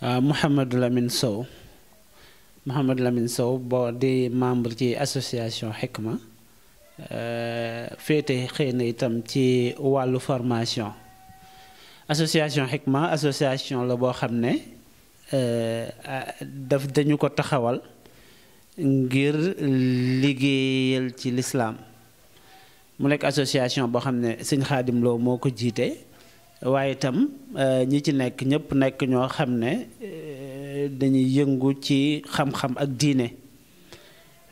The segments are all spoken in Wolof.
Euh, Mouhamadou Lamine Sow Mouhamadou Lamine Sow boo di membre ci association Hikma euh, féete xëy na itam ci wàllu formation association Hikma association la boo xam ne euh, daf dañu ko taxawal ngir liggéeyal ci lislaam mu nekk association boo xam ne sëñ Xaadim moo ko jiite waaye itam euh, ñi ci nekk ñëpp nekk ñoo xam ne euh, dañuy yëngu ci xam-xam ak diine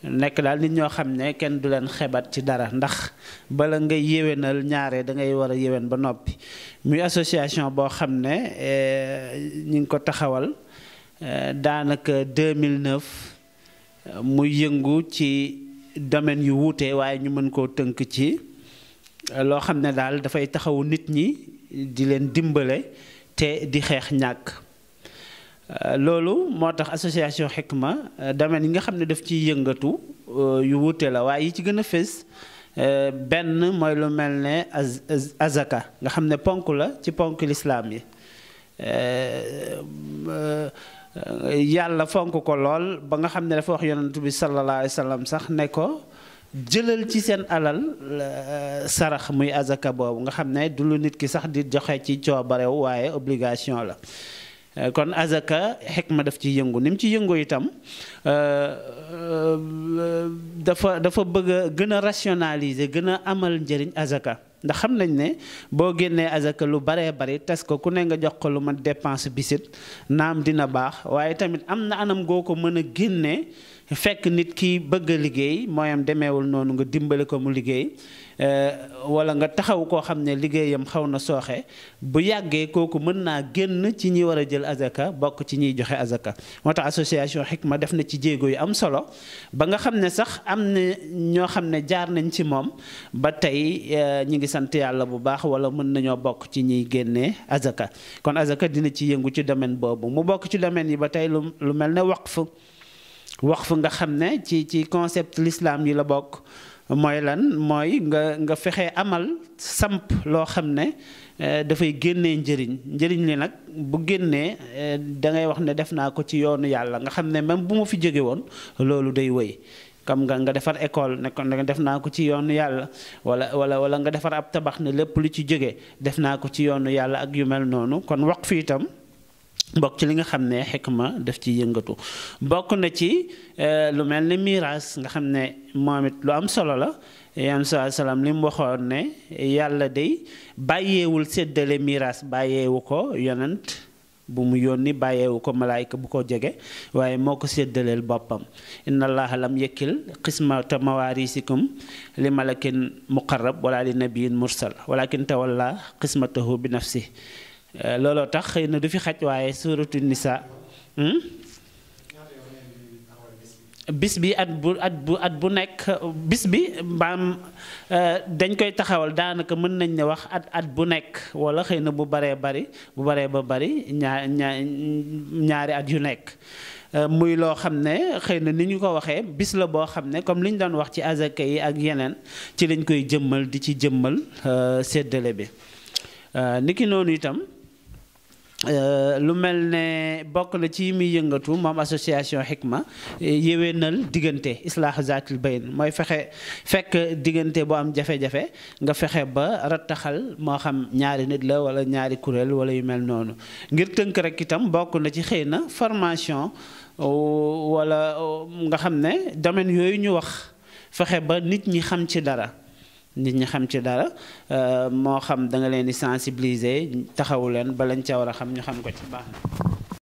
nekk daal nit ñoo xam ne kenn du leen xebat ci dara ndax bala ngay yéwénal ñaare da ngay war a yéwen ba noppi muy association boo xam ne euh, ñu ngi ko taxawal daanaka 2009 muy yëngu ci domaine yu wuute waaye ñu mën koo tënk ci loo xam ne daal dafay taxawu nit ñi di leen dimbale te di xeex ñàkk. Euh, loolu moo tax association Hikma euh, domaine yi nga xam ne daf ci yëngatu euh, yu wute la waaye yi ci gën a fés benn mooy lu mel ne azaka nga xam ne ponk la ci ponk lislaam yi yàlla fonk ko lool ba nga xam ne dafa wax yonent bi sallallahu alayhi sax ne ko jëlal ci seen alal euh, sarax muy azaka boobu nga xam ne du lu nit ki sax di joxe ci coobarew waaye obligation la euh, kon azaka ma def ci yëngu ni ci yëngu itam euh, dafa dafa bëgg a gën a rationaliser gën a amal njëriñ azaka ndax xam nañ ne boo génnee azaka lu baree bari tas ko ku ne nga jox ko lu ma dépense bisit naam dina baax waaye tamit am na anam goo ko mën a génnee fekk nit ki bëgg liggéey mooyam demeewul noonu nga dimbale ko mu liggéey euh, wala nga taxaw koo xam ne liggéeyam xaw na sooxe bu yàggee kooku mën naa génn ci ñi war a jël azaka bokk ci ñiy joxe azaka moo tax association Hikma def na ci jéego yi am solo ba nga xam ne sax am na ñoo xam ne jaar nañ ci moom ba tey euh, ñi ngi sant yàlla bu baax wala mën nañoo bokk ci ñiy génnee azaka kon azaka dina ci yëngu ci domaine boobu mu bokk ci domaine yi ba tey lu wax fu nga xam ne ci ci concept l'islam yi la bokk mooy lan mooy nga nga fexe amal samp loo xam ne eh, dafay génnee njëriñ njëriñ li nag bu génnee eh, da ngay wax ne def naa ko ci yoonu yàlla nga xam ne même bu ma fi jóge woon loolu day wéy comme nga nga defar école ne kon def naa ko ci yoonu yàlla wala wala wala nga defar ab tabax ne lépp lu ci jóge def naa ko ci yoonu yàlla ak yu noonu kon waqf itam mbokk ci li nga xam ne xikma daf ci yëngatu bokk na ci eh, lu mel ni miiras nga xam ne moom it lu am solo la yam saa salaam li waxoon ne yàlla day bàyyeewul séddale miiras bàyyeewu ko yonent bu mu yónni bàyyeewu ko malaayka bu ko jege waaye moo ko séddaleel boppam inna allaha lam yëkkil xismata mawarisikum li malakin muqarrab wala li nabiyin mursal walakin tawalla xismatahu bi si Euh, looloo tax xëy na du fi xaj waaye suuratu nisa hmm? bis bi at bu at bu at bu nekk bis bi mbaam euh, dañ koy taxawal daanaka mën nañ ne wax at at bu nekk wala xëy na bu baree bari bu baree ba bari ñaar ñaari at yu nekk euh, muy loo xam ne xëy na ni ñu ko waxee bis la boo xam ne comme li ñu doon wax ci azaka yi ak yeneen ci lañ koy jëmmal di ci jëmmal séddale bi niki itam Euh, lu mel ne bokk na ci muy yëngatu moom association Hikma eh, yéwénal diggante islaahu zaatil bayn mooy fexe fekk diggante bu am jafe-jafe nga fexe ba rattaxal moo xam ñaari nit la wala ñaari kuréel wala yu mel noonu ngir tënk rek itam bokk na ci xëy na formation wala nga xam ne domaine yooyu ñu wax fexe ba nit ñi xam ci dara nit ñi xam ci dara euh, moo xam da leen di sensibiliser taxawu leen ba lañ ca war a xam ñu xam ko ci baax na